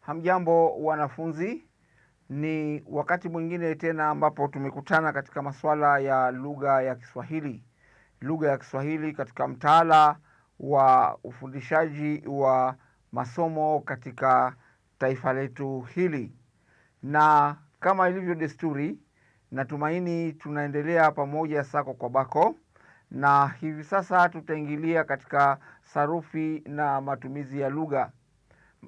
Hamjambo wanafunzi, ni wakati mwingine tena ambapo tumekutana katika masuala ya lugha ya Kiswahili. Lugha ya Kiswahili katika mtaala wa ufundishaji wa masomo katika taifa letu hili, na kama ilivyo desturi, natumaini tunaendelea pamoja sako kwa bako na hivi sasa tutaingilia katika sarufi na matumizi ya lugha.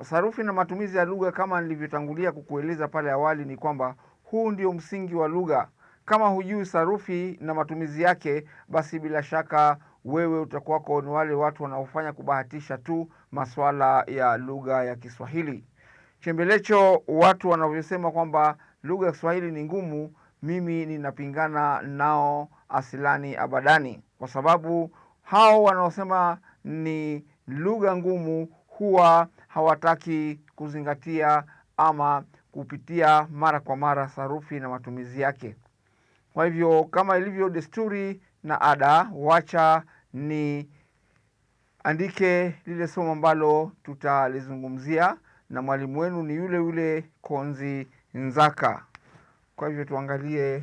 Sarufi na matumizi ya lugha, kama nilivyotangulia kukueleza pale awali, ni kwamba huu ndio msingi wa lugha. Kama hujui sarufi na matumizi yake, basi bila shaka wewe utakuwako ni wale watu wanaofanya kubahatisha tu masuala ya lugha ya Kiswahili. Chembelecho watu wanavyosema kwamba lugha ya Kiswahili ni ngumu, mimi ninapingana nao asilani abadani kwa sababu hao wanaosema ni lugha ngumu huwa hawataki kuzingatia ama kupitia mara kwa mara sarufi na matumizi yake. Kwa hivyo kama ilivyo desturi na ada, wacha ni andike lile somo ambalo tutalizungumzia, na mwalimu wenu ni yule yule Konzi Nzaka. Kwa hivyo tuangalie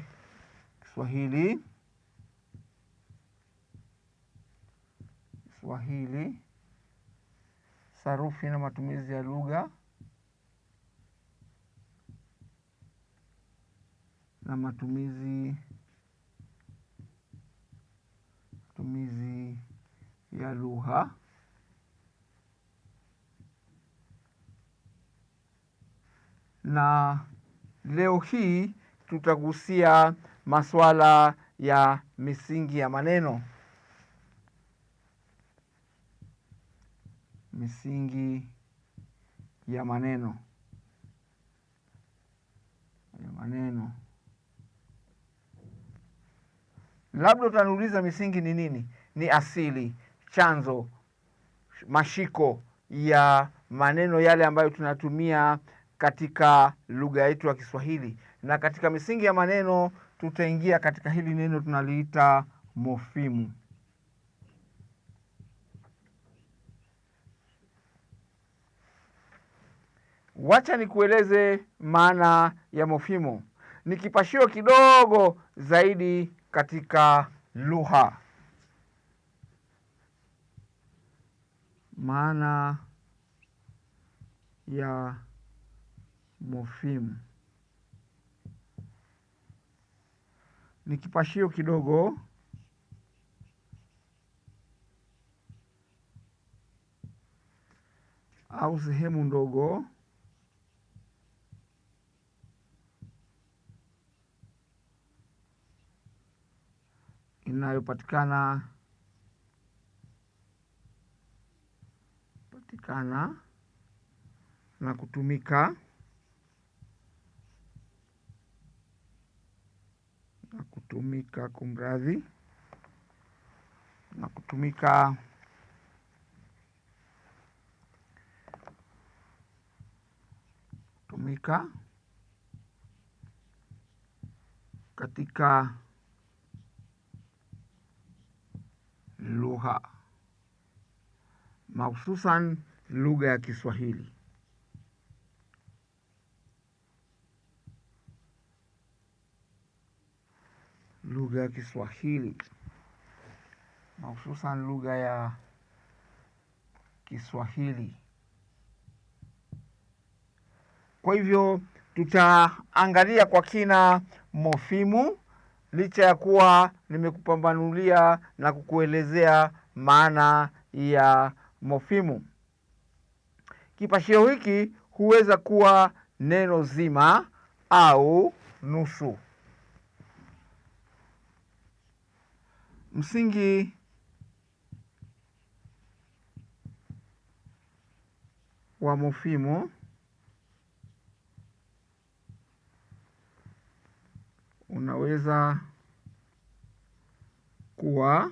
Kiswahili. Kiswahili, sarufi na matumizi ya lugha na matumizi matumizi ya lugha na leo hii tutagusia masuala ya misingi ya maneno. misingi ya maneno. maneno Labda utaniuliza misingi ni nini? Ni asili, chanzo, mashiko ya maneno yale ambayo tunatumia katika lugha yetu ya Kiswahili. Na katika misingi ya maneno tutaingia katika hili neno tunaliita mofimu. Wacha nikueleze maana ya mofimu. Ni kipashio kidogo zaidi katika lugha. Maana ya mofimu ni kipashio kidogo au sehemu ndogo inayopatikana patikana na kutumika na kutumika, kumradhi, na kutumika kutumika katika lugha, mahususan lugha ya Kiswahili. Lugha ya Kiswahili mahususan lugha ya Kiswahili. Kwa hivyo tutaangalia kwa kina mofimu licha ya kuwa nimekupambanulia na kukuelezea maana ya mofimu. Kipashio hiki huweza kuwa neno zima au nusu. Msingi wa mofimu unaweza kuwa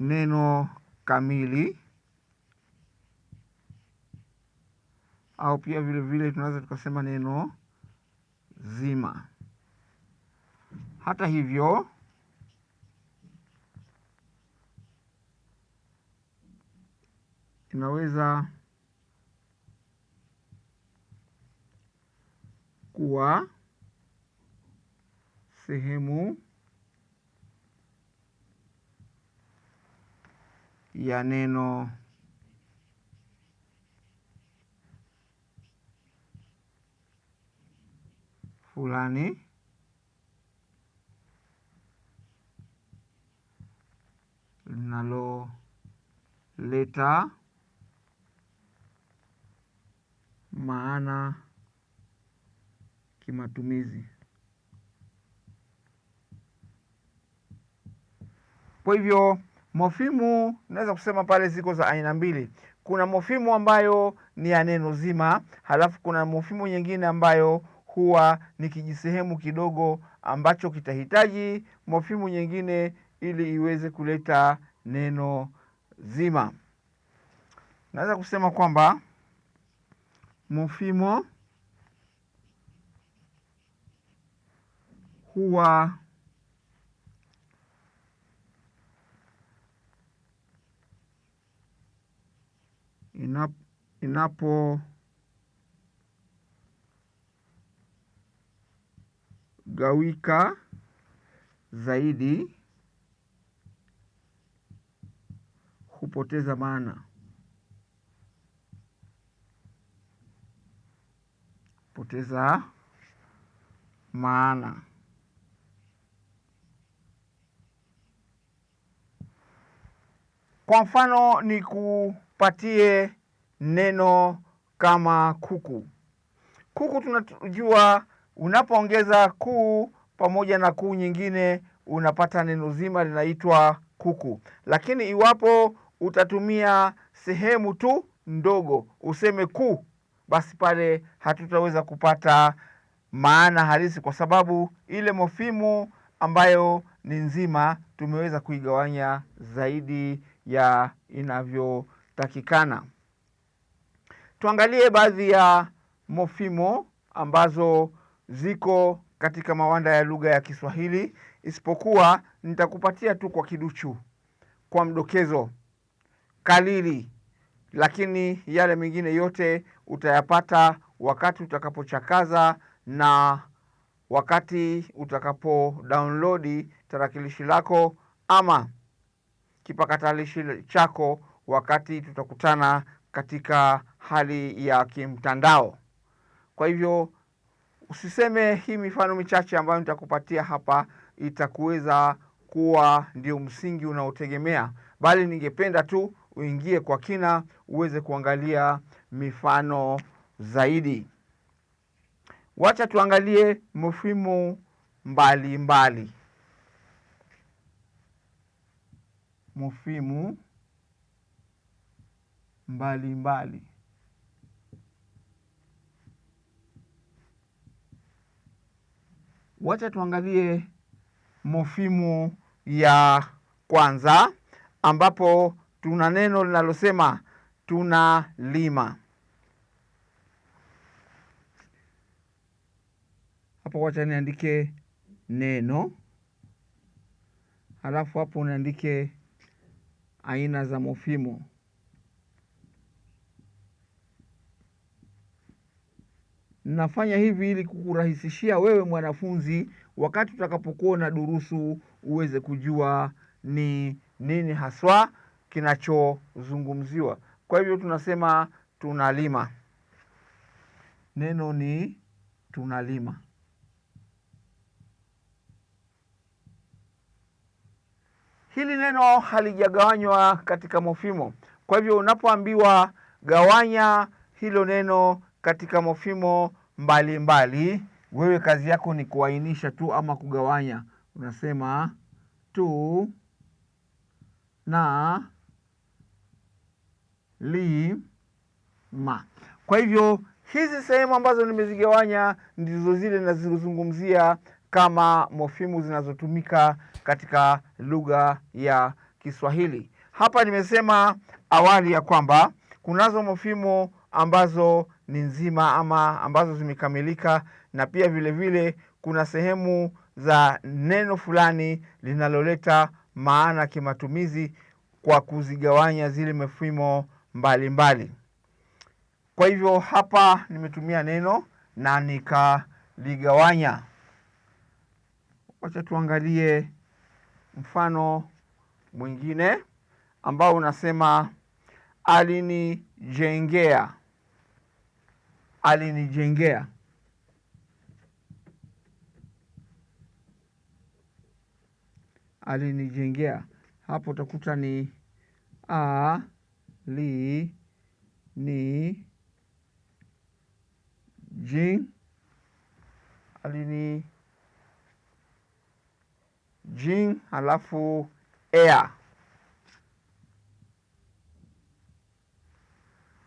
neno kamili au pia vile vile tunaweza tukasema neno zima. Hata hivyo, inaweza kuwa sehemu ya neno fulani linaloleta maana kimatumizi. Kwa hivyo mofimu naweza kusema pale ziko za aina mbili. Kuna mofimu ambayo ni ya neno zima, halafu kuna mofimu nyingine ambayo huwa ni kijisehemu kidogo ambacho kitahitaji mofimu nyingine ili iweze kuleta neno zima. Naweza kusema kwamba mofimu kuwa inapogawika zaidi hupoteza maana. Poteza maana. Kwa mfano ni kupatie neno kama kuku. Kuku tunajua unapoongeza kuu pamoja na kuu nyingine unapata neno zima linaitwa kuku. Lakini iwapo utatumia sehemu tu ndogo useme kuu, basi pale hatutaweza kupata maana halisi, kwa sababu ile mofimu ambayo ni nzima tumeweza kuigawanya zaidi ya inavyotakikana. Tuangalie baadhi ya mofimo ambazo ziko katika mawanda ya lugha ya Kiswahili, isipokuwa nitakupatia tu kwa kiduchu, kwa mdokezo, kalili, lakini yale mengine yote utayapata wakati utakapochakaza na wakati utakapo tarakilishi lako ama kipakatalishi chako wakati tutakutana katika hali ya kimtandao. Kwa hivyo usiseme hii mifano michache ambayo nitakupatia hapa itakuweza kuwa ndio msingi unaotegemea, bali ningependa tu uingie kwa kina uweze kuangalia mifano zaidi. Wacha tuangalie mfumo mbalimbali. mofimu mbalimbali. Wacha tuangalie mofimu ya kwanza ambapo tuna neno linalosema tuna lima Hapo wacha niandike neno, halafu hapo niandike aina za mofimu. Nafanya hivi ili kukurahisishia wewe mwanafunzi, wakati utakapokuwa na durusu uweze kujua ni nini haswa kinachozungumziwa. Kwa hivyo tunasema tunalima, neno ni tunalima. hili neno halijagawanywa katika mofimo. Kwa hivyo unapoambiwa gawanya hilo neno katika mofimo mbalimbali mbali, wewe kazi yako ni kuainisha tu ama kugawanya. Unasema tu na li ma. Kwa hivyo hizi sehemu ambazo nimezigawanya ndizo zile nazozungumzia kama mofimu zinazotumika katika lugha ya Kiswahili. Hapa nimesema awali ya kwamba kunazo mofimu ambazo ni nzima ama ambazo zimekamilika, na pia vilevile vile, kuna sehemu za neno fulani linaloleta maana kimatumizi kwa kuzigawanya zile mefimo mbalimbali. Kwa hivyo hapa nimetumia neno na nikaligawanya. Wacha tuangalie mfano mwingine ambao unasema alinijengea, alinijengea. Alinijengea hapo utakuta ni a li ni jing alini Jing halafu air.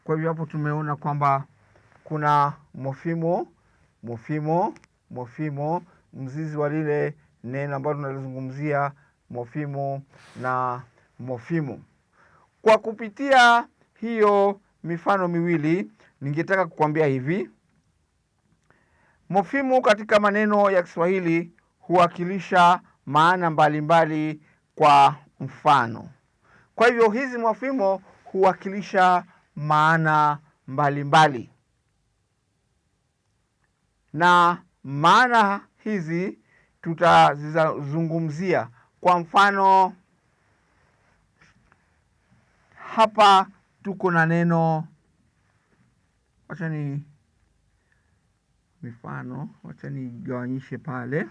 Kwa hivyo hapo tumeona kwamba kuna mofimo mofimo mofimo mzizi wa lile neno ambalo tunalizungumzia mofimo na mofimu. Kwa kupitia hiyo mifano miwili, ningetaka kukwambia hivi: mofimu katika maneno ya Kiswahili huwakilisha maana mbalimbali mbali kwa mfano. Kwa hivyo hizi mwafimo huwakilisha maana mbalimbali mbali. Na maana hizi tutazizungumzia kwa mfano hapa tuko na neno wacha ni mifano, wacha nigawanyishe pale.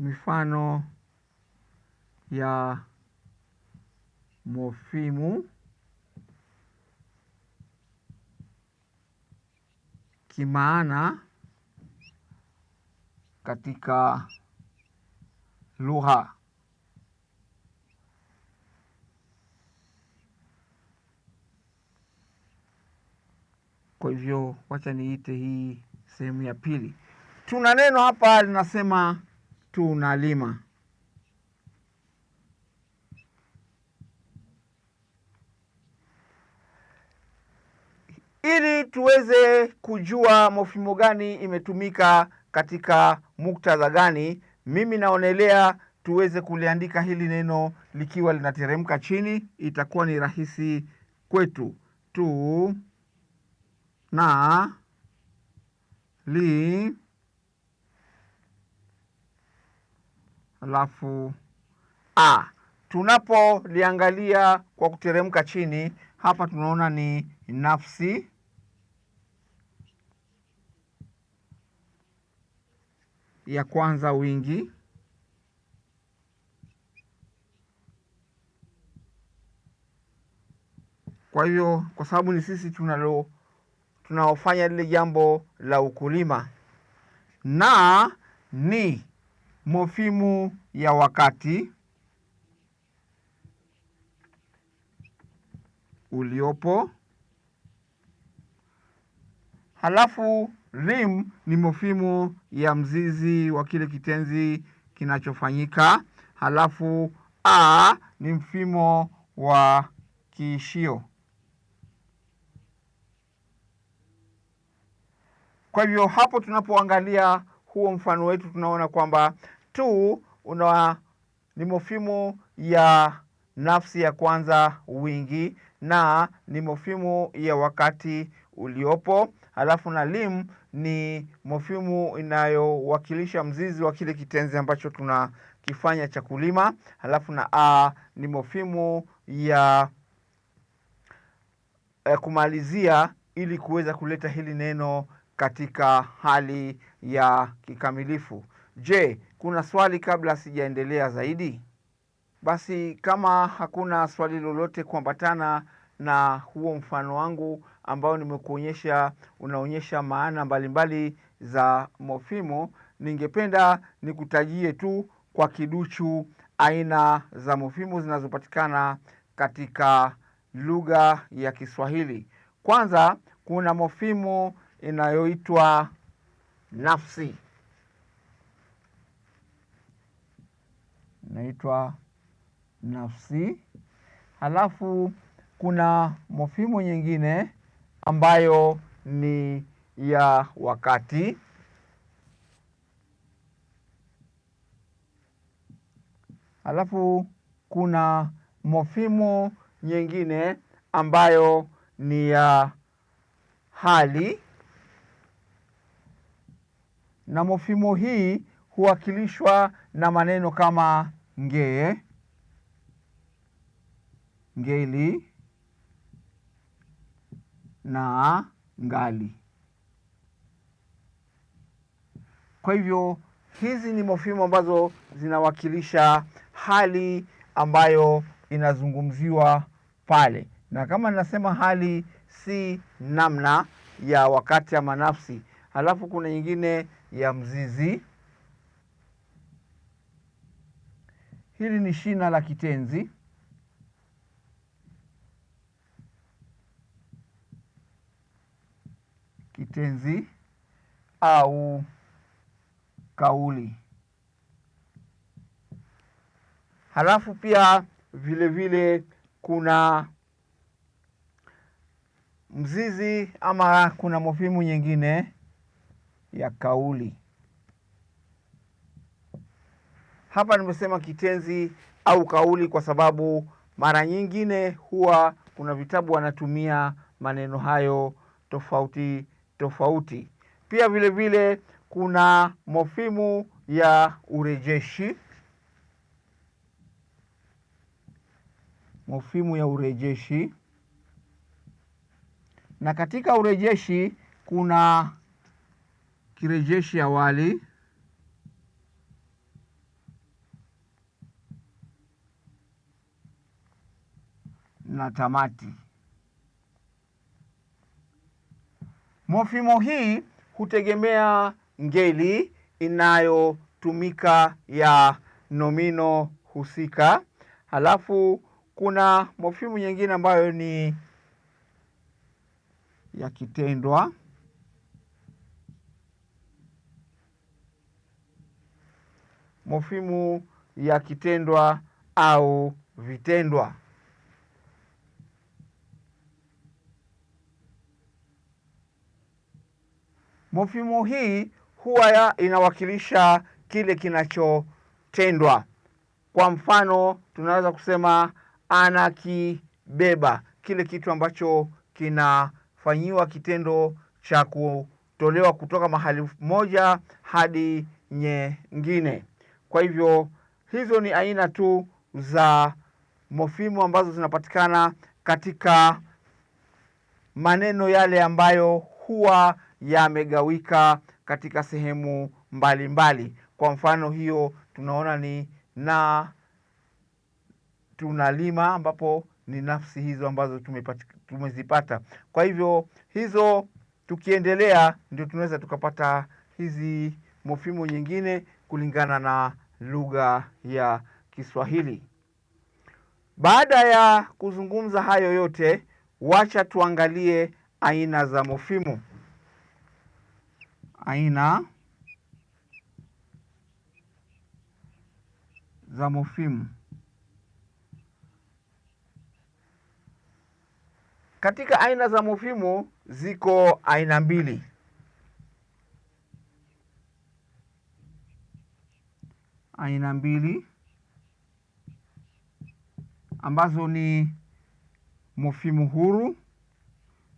Mifano ya mofimu, kimaana katika lugha. Kwa hivyo wacha niite hii sehemu ya pili. Tuna neno hapa linasema Tunalima. Ili tuweze kujua mofimu gani imetumika katika muktadha gani, mimi naonelea tuweze kuliandika hili neno likiwa linateremka chini, itakuwa ni rahisi kwetu. tu na li alafu a. Tunapoliangalia kwa kuteremka chini hapa, tunaona ni nafsi ya kwanza wingi Kwa hivyo kwa sababu ni sisi tunalo tunaofanya lile jambo la ukulima na ni mofimu ya wakati uliopo. Halafu rim ni mofimu ya mzizi wa kile kitenzi kinachofanyika. Halafu a ni mfimo wa kiishio. Kwa hivyo hapo tunapoangalia huo mfano wetu tunaona kwamba tu una ni mofimu ya nafsi ya kwanza wingi na ni mofimu ya wakati uliopo, halafu na lim ni mofimu inayowakilisha mzizi wa kile kitenzi ambacho tunakifanya cha kulima, halafu na a ni mofimu ya eh, kumalizia ili kuweza kuleta hili neno katika hali ya kikamilifu. Je, kuna swali kabla sijaendelea zaidi? Basi kama hakuna swali lolote kuambatana na huo mfano wangu ambao nimekuonyesha unaonyesha maana mbalimbali mbali za mofimu, ningependa nikutajie tu kwa kiduchu aina za mofimu zinazopatikana katika lugha ya Kiswahili. Kwanza kuna mofimu inayoitwa nafsi. Inaitwa nafsi. Halafu kuna mofimu nyingine ambayo ni ya wakati. Halafu kuna mofimu nyingine ambayo ni ya hali na mofimo hii huwakilishwa na maneno kama ngee, ngeli na ngali. Kwa hivyo hizi ni mofimu ambazo zinawakilisha hali ambayo inazungumziwa pale, na kama ninasema hali si namna ya wakati ama nafsi, halafu kuna nyingine ya mzizi. Hili ni shina la kitenzi. Kitenzi au kauli. Halafu pia vile vile kuna mzizi ama kuna mofimu nyingine ya kauli. Hapa nimesema kitenzi au kauli kwa sababu mara nyingine huwa kuna vitabu wanatumia maneno hayo tofauti tofauti. Pia vile vile kuna mofimu ya urejeshi, mofimu ya urejeshi, na katika urejeshi kuna kirejeshi awali na tamati. mofimo hii hutegemea ngeli inayotumika ya nomino husika. Halafu kuna mofimu nyingine ambayo ni ya kitendwa mofimu ya kitendwa au vitendwa. Mofimu hii huwa ya inawakilisha kile kinachotendwa. Kwa mfano, tunaweza kusema anakibeba kile kitu ambacho kinafanyiwa kitendo cha kutolewa kutoka mahali moja hadi nyingine. Kwa hivyo hizo ni aina tu za mofimu ambazo zinapatikana katika maneno yale ambayo huwa yamegawika katika sehemu mbalimbali mbali. Kwa mfano hiyo tunaona ni na tunalima ambapo ni nafsi hizo ambazo tumezipata. Kwa hivyo hizo tukiendelea ndio tunaweza tukapata hizi mofimu nyingine kulingana na lugha ya Kiswahili. Baada ya kuzungumza hayo yote, wacha tuangalie aina za mofimu. Aina za mofimu. Katika aina za mofimu ziko aina mbili. aina mbili ambazo ni mofimu huru.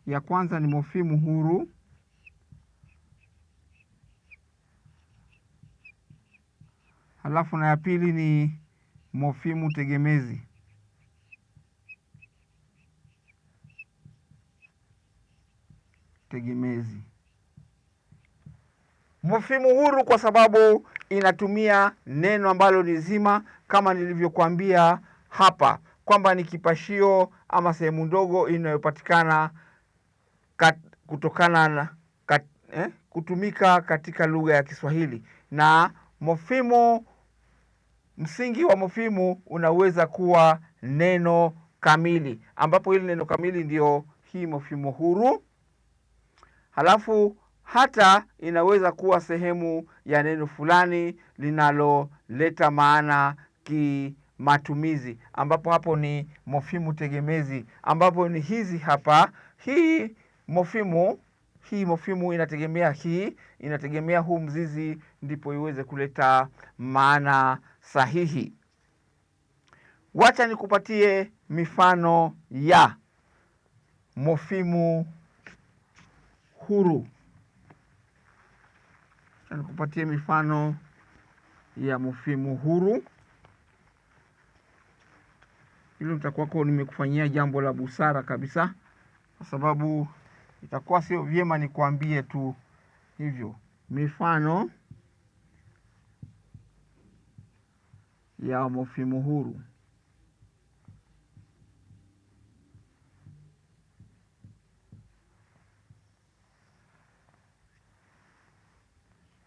Ya kwanza ni mofimu huru halafu na ya pili ni mofimu tegemezi. Tegemezi. Mofimu huru kwa sababu inatumia neno ambalo ni zima, kama nilivyokuambia hapa kwamba ni kipashio ama sehemu ndogo inayopatikana kat, kutokana na kat, eh, kutumika katika lugha ya Kiswahili na mofimu. Msingi wa mofimu unaweza kuwa neno kamili, ambapo hili neno kamili ndio hii mofimu huru, halafu hata inaweza kuwa sehemu ya neno fulani linaloleta maana kimatumizi, ambapo hapo ni mofimu tegemezi, ambapo ni hizi hapa. Hii mofimu hii mofimu inategemea hii, inategemea huu mzizi, ndipo iweze kuleta maana sahihi. Wacha nikupatie mifano ya mofimu huru na nikupatie mifano ya mofimu huru. Hilo nitakuwako nimekufanyia jambo la busara kabisa, kwa sababu itakuwa sio vyema nikuambie tu hivyo. Mifano ya mofimu huru.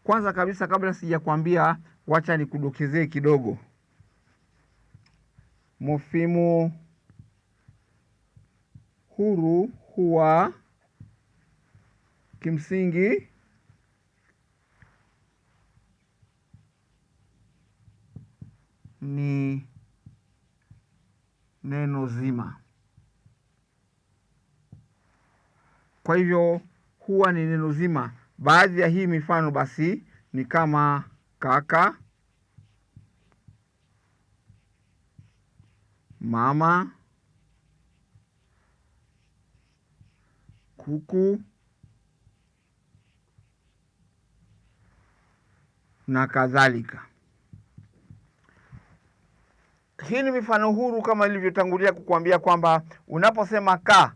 Kwanza kabisa kabla sijakwambia, wacha nikudokezee kidogo mofimu huru huwa kimsingi ni neno zima. Kwa hivyo huwa ni neno zima. Baadhi ya hii mifano basi ni kama kaka, mama, kuku na kadhalika. Hii ni mifano huru kama ilivyotangulia kukuambia kwamba unaposema ka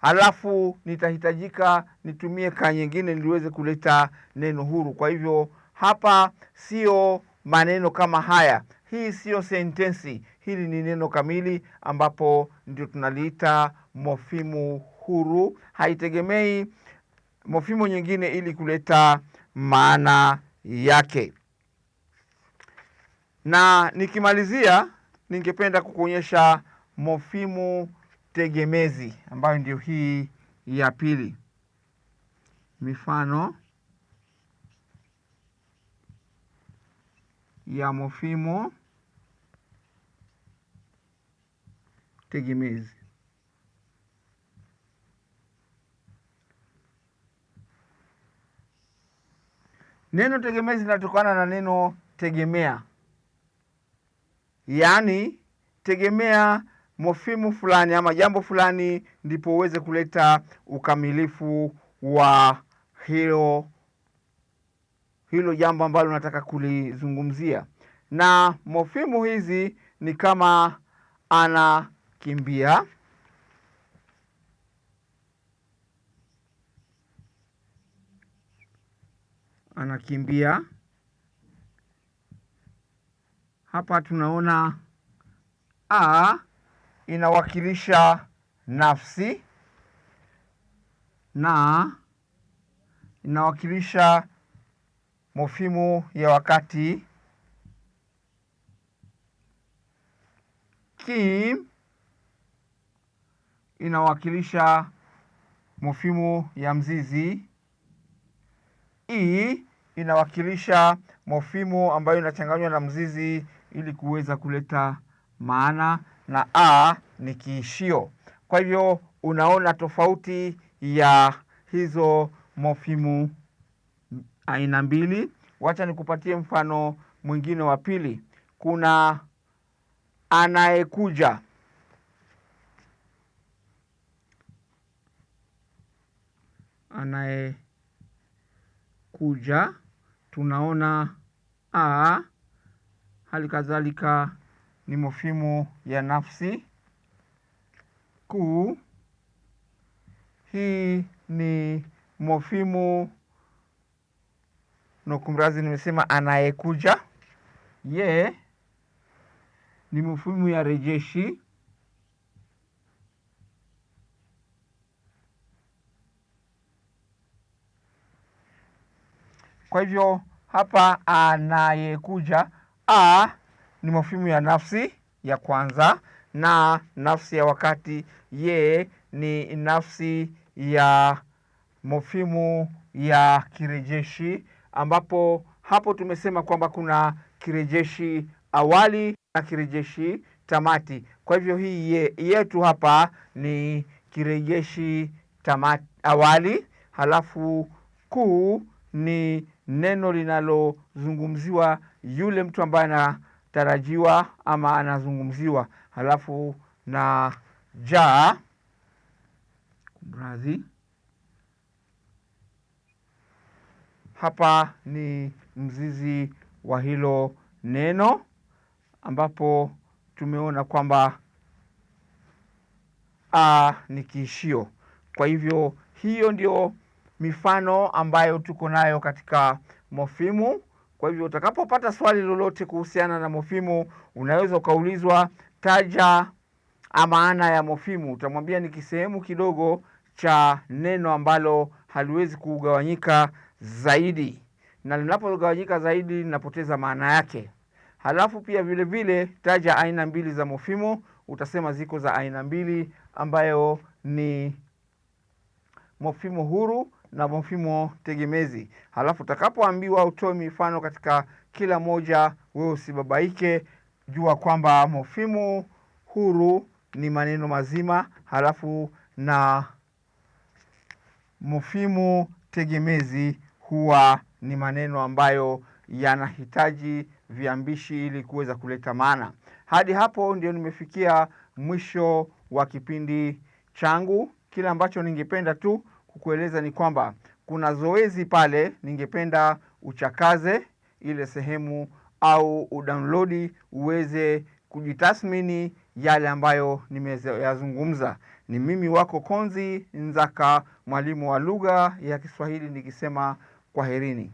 halafu nitahitajika nitumie kaa nyingine niliweze kuleta neno huru. Kwa hivyo hapa sio maneno kama haya, hii siyo sentensi, hili ni neno kamili, ambapo ndio tunaliita mofimu huru. Haitegemei mofimu nyingine ili kuleta maana yake. Na nikimalizia, ningependa kukuonyesha mofimu tegemezi ambayo ndio hii ya pili. Mifano ya mofimu tegemezi. Neno tegemezi linatokana na neno tegemea, yaani tegemea mofimu fulani ama jambo fulani, ndipo uweze kuleta ukamilifu wa hilo hilo jambo ambalo unataka kulizungumzia. Na mofimu hizi ni kama anakimbia, anakimbia. Hapa tunaona a inawakilisha nafsi na inawakilisha mofimu ya wakati. Ki inawakilisha mofimu ya mzizi. I inawakilisha mofimu ambayo inachanganywa na mzizi ili kuweza kuleta maana na a ni kiishio. Kwa hivyo unaona tofauti ya hizo mofimu aina mbili. Wacha nikupatie mfano mwingine wa pili. Kuna anayekuja anayekuja, tunaona a, hali kadhalika ni mofimu ya nafsi kuu. Hii ni mofimu nokumrazi, nimesema anayekuja. Ye ni mofimu ya rejeshi. Kwa hivyo hapa anayekuja a ni mafimu ya nafsi ya kwanza, na nafsi ya wakati ye ni nafsi ya mofimu ya kirejeshi, ambapo hapo tumesema kwamba kuna kirejeshi awali na kirejeshi tamati. Kwa hivyo hii ye, yetu hapa ni kirejeshi tamati awali, halafu kuu ni neno linalozungumziwa yule mtu ambaye ana tarajiwa ama anazungumziwa, halafu na ja mradhi hapa ni mzizi wa hilo neno ambapo tumeona kwamba a ni kiishio. Kwa hivyo hiyo ndio mifano ambayo tuko nayo katika mofimu. Kwa hivyo utakapopata swali lolote kuhusiana na mofimu, unaweza ukaulizwa, taja maana ya mofimu. Utamwambia ni kisehemu kidogo cha neno ambalo haliwezi kugawanyika zaidi, na linapogawanyika zaidi linapoteza maana yake. Halafu pia vile vile taja aina mbili za mofimu. Utasema ziko za aina mbili, ambayo ni mofimu huru na mfumo tegemezi. Halafu utakapoambiwa utoe mifano katika kila moja, wewe usibabaike, jua kwamba mfumo huru ni maneno mazima, halafu na mfumo tegemezi huwa ni maneno ambayo yanahitaji viambishi ili kuweza kuleta maana. Hadi hapo ndio nimefikia mwisho wa kipindi changu. Kile ambacho ningependa tu kukueleza ni kwamba kuna zoezi pale, ningependa uchakaze ile sehemu au udownloadi uweze kujitathmini yale ambayo nimeyazungumza. Ni mimi wako Konzi Nzaka, mwalimu wa lugha ya Kiswahili, nikisema kwaherini.